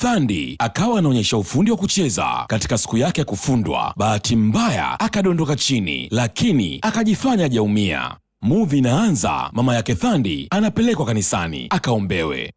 thandi akawa anaonyesha ufundi wa kucheza. Katika siku yake ya kufundwa, bahati mbaya akadondoka chini, lakini akajifanya hajaumia. Muvi inaanza, mama yake Thandi anapelekwa kanisani akaombewe.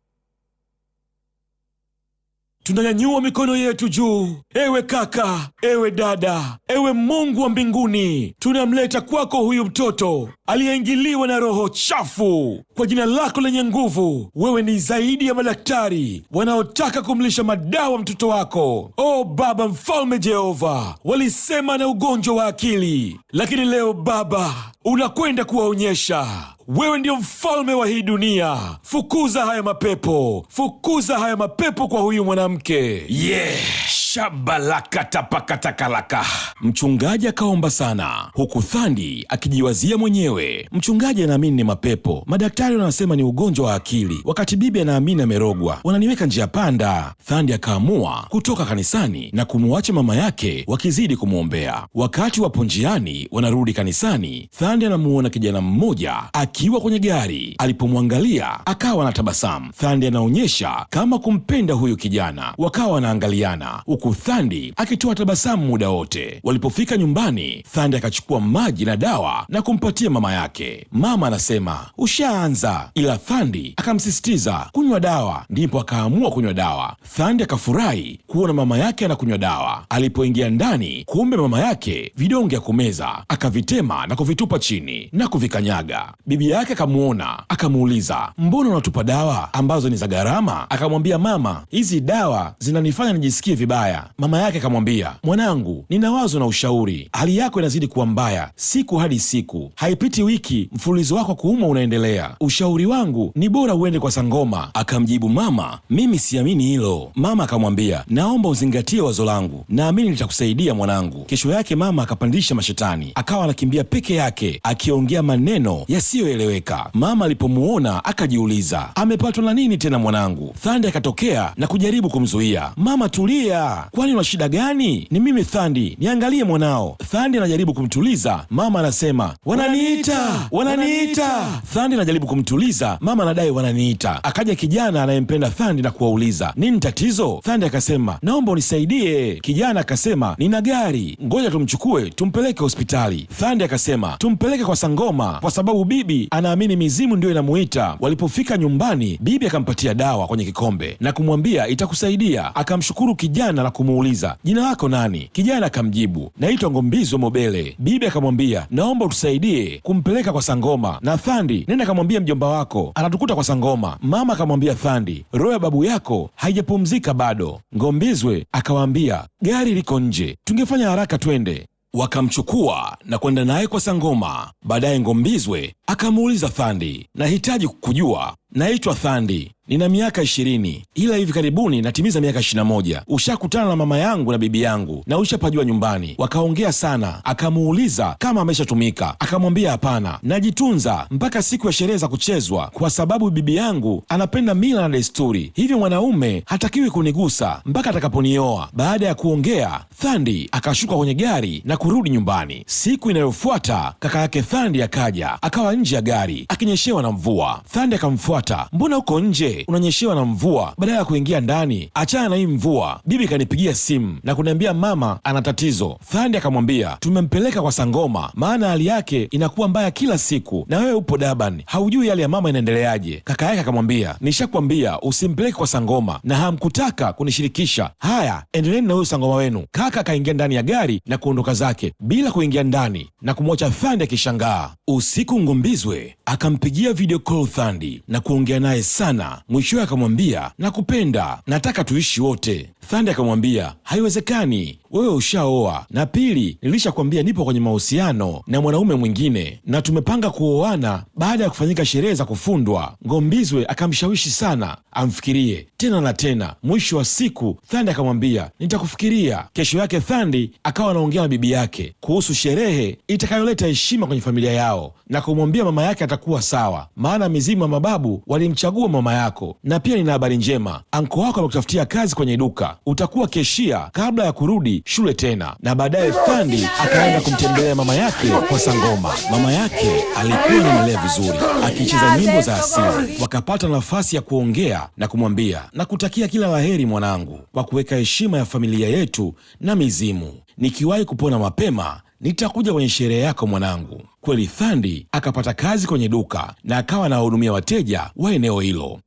Tunanyanyua mikono yetu juu. Ewe kaka, ewe dada, ewe Mungu wa mbinguni, tunamleta kwako huyu mtoto aliyeingiliwa na roho chafu. Kwa jina lako lenye nguvu, wewe ni zaidi ya madaktari wanaotaka kumlisha madawa mtoto wako. O Baba Mfalme Jehova, walisema na ugonjwa wa akili, lakini leo Baba unakwenda kuwaonyesha wewe ndio mfalme wa hii dunia. Fukuza haya mapepo, fukuza haya mapepo kwa huyu mwanamke. Yes shabalakatapakatakalaka. Mchungaji akaomba sana, huku Thandi akijiwazia mwenyewe, mchungaji anaamini ni mapepo, madaktari wanasema ni ugonjwa wa akili, wakati bibi anaamini amerogwa, wananiweka njia panda. Thandi akaamua kutoka kanisani na kumwacha mama yake wakizidi kumwombea. Wakati wapo njiani wanarudi kanisani, Thandi anamuona kijana mmoja akiwa kwenye gari. Alipomwangalia akawa anatabasamu. Thandi anaonyesha kama kumpenda huyu kijana, wakawa wanaangaliana huku Thandi akitoa tabasamu muda wote. Walipofika nyumbani, Thandi akachukua maji na dawa na kumpatia mama yake. Mama anasema ushaanza, ila Thandi akamsisitiza kunywa dawa, ndipo akaamua kunywa dawa. Thandi akafurahi kuona mama yake anakunywa dawa. Alipoingia ndani, kumbe mama yake vidonge ya kumeza akavitema na kuvitupa chini na kuvikanyaga. Bibi yake akamuona, akamuuliza mbona unatupa dawa ambazo ni za gharama? Akamwambia mama, hizi dawa zinanifanya nijisikie vibaya mbaya. Mama yake akamwambia, mwanangu, nina wazo na ushauri. Hali yako inazidi kuwa mbaya siku hadi siku, haipiti wiki, mfululizo wako kuumwa unaendelea. Ushauri wangu ni bora uende kwa sangoma. Akamjibu mama, mimi siamini hilo. Mama akamwambia, naomba uzingatie wazo langu, naamini nitakusaidia mwanangu. Kesho yake mama akapandisha mashetani, akawa anakimbia peke yake akiongea maneno yasiyoeleweka. Mama alipomuona akajiuliza, amepatwa na nini tena mwanangu? thande akatokea na kujaribu kumzuia mama, tulia kwani una shida gani? Ni mimi Thandi, niangalie mwanao. Thandi anajaribu kumtuliza, mama anasema wananiita, wananiita. Thandi anajaribu kumtuliza, mama anadai wananiita. Akaja kijana anayempenda Thandi na kuwauliza nini tatizo. Thandi akasema naomba unisaidie. Kijana akasema nina gari, ngoja tumchukue tumpeleke hospitali. Thandi akasema tumpeleke kwa Sangoma kwa sababu bibi anaamini mizimu ndiyo inamuita. Walipofika nyumbani, bibi akampatia dawa kwenye kikombe na kumwambia itakusaidia. Akamshukuru kijana na kumuuliza jina lako nani? Kijana akamjibu naitwa Ngombizo Mobele. Bibi akamwambia naomba utusaidie kumpeleka kwa Sangoma na Thandi, nenda akamwambia mjomba wako anatukuta kwa Sangoma. Mama akamwambia Thandi, roho ya babu yako haijapumzika bado. Ngombizwe akawaambia gari liko nje, tungefanya haraka twende wakamchukua na kwenda naye kwa Sangoma. Baadaye Ngombizwe akamuuliza Thandi, nahitaji kukujua, naitwa Thandi, Nina miaka ishirini ila hivi karibuni natimiza miaka ishirini na moja. Ushakutana na mama yangu na bibi yangu na ushapajua nyumbani, wakaongea sana. Akamuuliza kama ameshatumika, akamwambia hapana, najitunza mpaka siku ya sherehe za kuchezwa, kwa sababu bibi yangu anapenda mila na desturi, hivyo mwanaume hatakiwi kunigusa mpaka atakaponioa. Baada ya kuongea, Thandi akashuka kwenye gari na kurudi nyumbani. Siku inayofuata kaka yake Thandi akaja, akawa nje ya gari akinyeshewa na mvua. Thandi akamfuata, mbona uko nje? unanyeshewa na mvua, badala ya kuingia ndani. Achana na hii mvua. Bibi kanipigia simu na kuniambia mama ana tatizo. Thandi akamwambia tumempeleka kwa Sangoma, maana hali yake inakuwa mbaya kila siku, na wewe upo Dabani, haujui hali ya mama inaendeleaje. Kaka yake akamwambia nishakwambia usimpeleke kwa Sangoma na hamkutaka kunishirikisha. Haya, endeleni na huyo Sangoma wenu. Kaka akaingia ndani ya gari na kuondoka zake bila kuingia ndani na kumwacha Thandi akishangaa. Usiku ngumbizwe akampigia video call Thandi na kuongea naye sana mwishowe akamwambia nakupenda, nataka tuishi wote. Thandi akamwambia haiwezekani, wewe ushaoa, na pili, nilishakwambia nipo kwenye mahusiano na mwanaume mwingine na tumepanga kuoana baada ya kufanyika sherehe za kufundwa. Ngombizwe akamshawishi sana amfikirie tena na tena. Mwisho wa siku Thandi akamwambia nitakufikiria. Kesho yake Thandi akawa anaongea na bibi yake kuhusu sherehe itakayoleta heshima kwenye familia yao na kumwambia mama yake atakuwa sawa, maana mizimu ya mababu walimchagua mama yako, na pia nina habari njema, anko wako amekutafutia kazi kwenye duka utakuwa keshia kabla ya kurudi shule tena. Na baadaye Fandi akaenda kumtembelea mama yake kwa sangoma. Mama yake alikuwa anamlea vizuri, akicheza nyimbo za asili. Wakapata nafasi ya kuongea na kumwambia na kutakia kila laheri mwanangu, kwa kuweka heshima ya familia yetu na mizimu. Nikiwahi kupona mapema nitakuja kwenye sherehe yako mwanangu. Kweli Thandi akapata kazi kwenye duka na akawa anawahudumia wateja wa eneo hilo.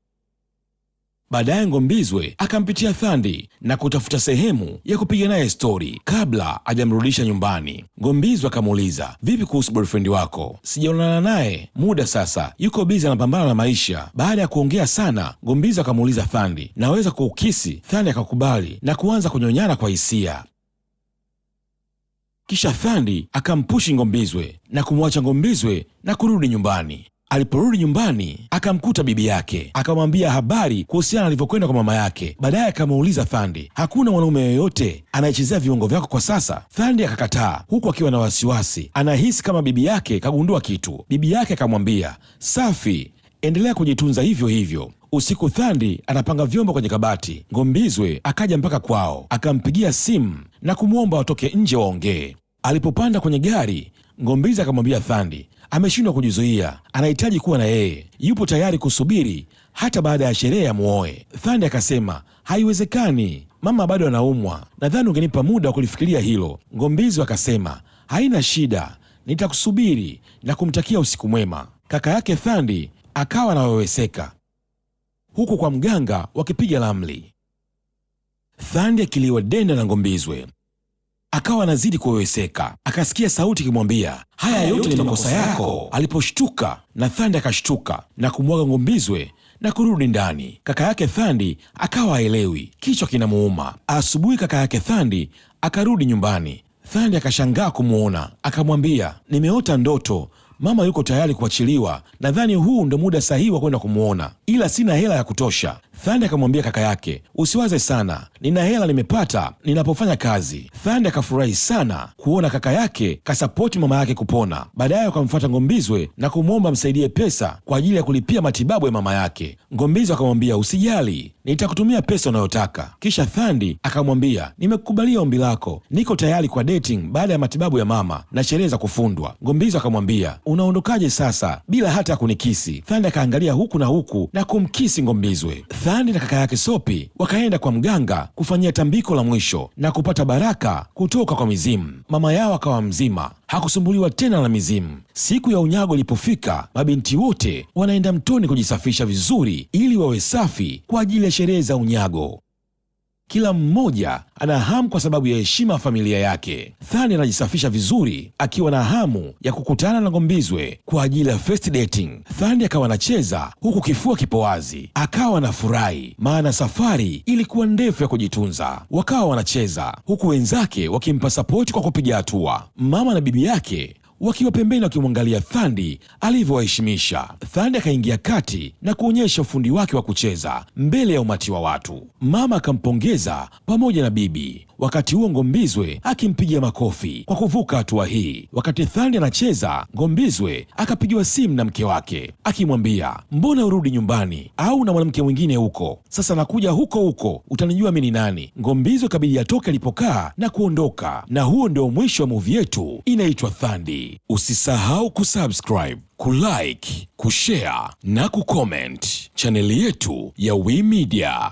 Baadaye Ngombizwe akampitia Thandi na kutafuta sehemu ya kupiga naye stori kabla hajamrudisha nyumbani. Ngombizwe akamuuliza, vipi kuhusu boyfriend wako? Sijaonana naye muda sasa, yuko bizi anapambana na maisha. Baada ya kuongea sana, Ngombizwe akamuuliza Thandi, naweza kuukisi? Thandi akakubali na kuanza kunyonyana kwa hisia. Kisha Thandi akampushi Ngombizwe na kumwacha Ngombizwe na kurudi nyumbani. Aliporudi nyumbani akamkuta bibi yake, akamwambia habari kuhusiana na alivyokwenda kwa mama yake. Baadaye akamuuliza Thandi, hakuna mwanaume yoyote anayechezea viungo vyako kwa sasa? Thandi akakataa huku akiwa na wasiwasi, anahisi kama bibi yake kagundua kitu. Bibi yake akamwambia, safi, endelea kujitunza hivyo hivyo. Usiku Thandi anapanga vyombo kwenye kabati, Ngombizwe akaja mpaka kwao, akampigia simu na kumwomba watoke nje waongee. Alipopanda kwenye gari Ngombizi akamwambia Thandi, ameshindwa kujizuia, anahitaji kuwa na yeye, yupo tayari kusubiri hata baada ya sherehe ya muoe. Thandi akasema haiwezekani, mama bado anaumwa, nadhani ungenipa muda wa kulifikiria hilo. Ngombizi akasema haina shida, nitakusubiri na kumtakia usiku mwema. Kaka yake Thandi akawa anaweweseka huku kwa mganga wakipiga ramli. Thandi akiliwa denda na Ngombizwe akawa anazidi kuweweseka. Akasikia sauti ikimwambia, haya yote ni makosa yako. Aliposhtuka na Thandi akashtuka na kumwaga ngombizwe na kurudi ndani. Kaka yake Thandi akawa haelewi, kichwa kinamuuma. Asubuhi kaka yake Thandi akarudi nyumbani. Thandi akashangaa kumwona, akamwambia, nimeota ndoto mama yuko tayari kuachiliwa. Nadhani huu ndo muda sahihi wa kwenda kumwona, ila sina hela ya kutosha. Thandi akamwambia kaka yake, usiwaze sana, nina hela nimepata ninapofanya kazi. Thandi akafurahi sana kuona kaka yake kasapoti mama yake kupona. Baadaye akamfuata Ngombizwe na kumwomba amsaidie pesa kwa ajili ya kulipia matibabu ya mama yake. Ngombizwe akamwambia usijali, nitakutumia pesa unayotaka. Kisha Thandi akamwambia, nimekubalia ombi lako, niko tayari kwa dating baada ya matibabu ya mama na sherehe za kufundwa. Ngombizo akamwambia, unaondokaje sasa bila hata ya kunikisi? Thandi akaangalia huku na huku na kumkisi Ngombizwe. Thandi na kaka yake Sopi wakaenda kwa mganga kufanyia tambiko la mwisho na kupata baraka kutoka kwa mizimu. Mama yao akawa mzima hakusumbuliwa tena na mizimu. Siku ya unyago ilipofika, mabinti wote wanaenda mtoni kujisafisha vizuri ili wawe safi kwa ajili ya sherehe za unyago. Kila mmoja ana hamu kwa sababu ya heshima ya familia yake. Thani anajisafisha vizuri akiwa na hamu ya kukutana na Ngombizwe kwa ajili ya first dating. Thani akawa anacheza huku kifua kipo wazi, akawa anafurahi maana safari ilikuwa ndefu ya kujitunza. Wakawa wanacheza huku wenzake wakimpa sapoti kwa kupiga hatua. Mama na bibi yake wakiwa pembeni wakimwangalia Thandi alivyowaheshimisha. Thandi akaingia kati na kuonyesha ufundi wake wa kucheza mbele ya umati wa watu. Mama akampongeza pamoja na bibi wakati huo Ngombizwe akimpigia makofi kwa kuvuka hatua hii. Wakati Thandi anacheza, Ngombizwe akapigiwa simu na mke wake akimwambia, mbona urudi nyumbani au na mwanamke mwingine huko? Sasa nakuja huko huko, utanijua mi ni nani. Ngombizwe kabidi atoke alipokaa na kuondoka, na huo ndio mwisho wa muvi yetu inaitwa Thandi. Usisahau kusubscribe, kulike, kushare na kucomment chaneli yetu ya WeMedia.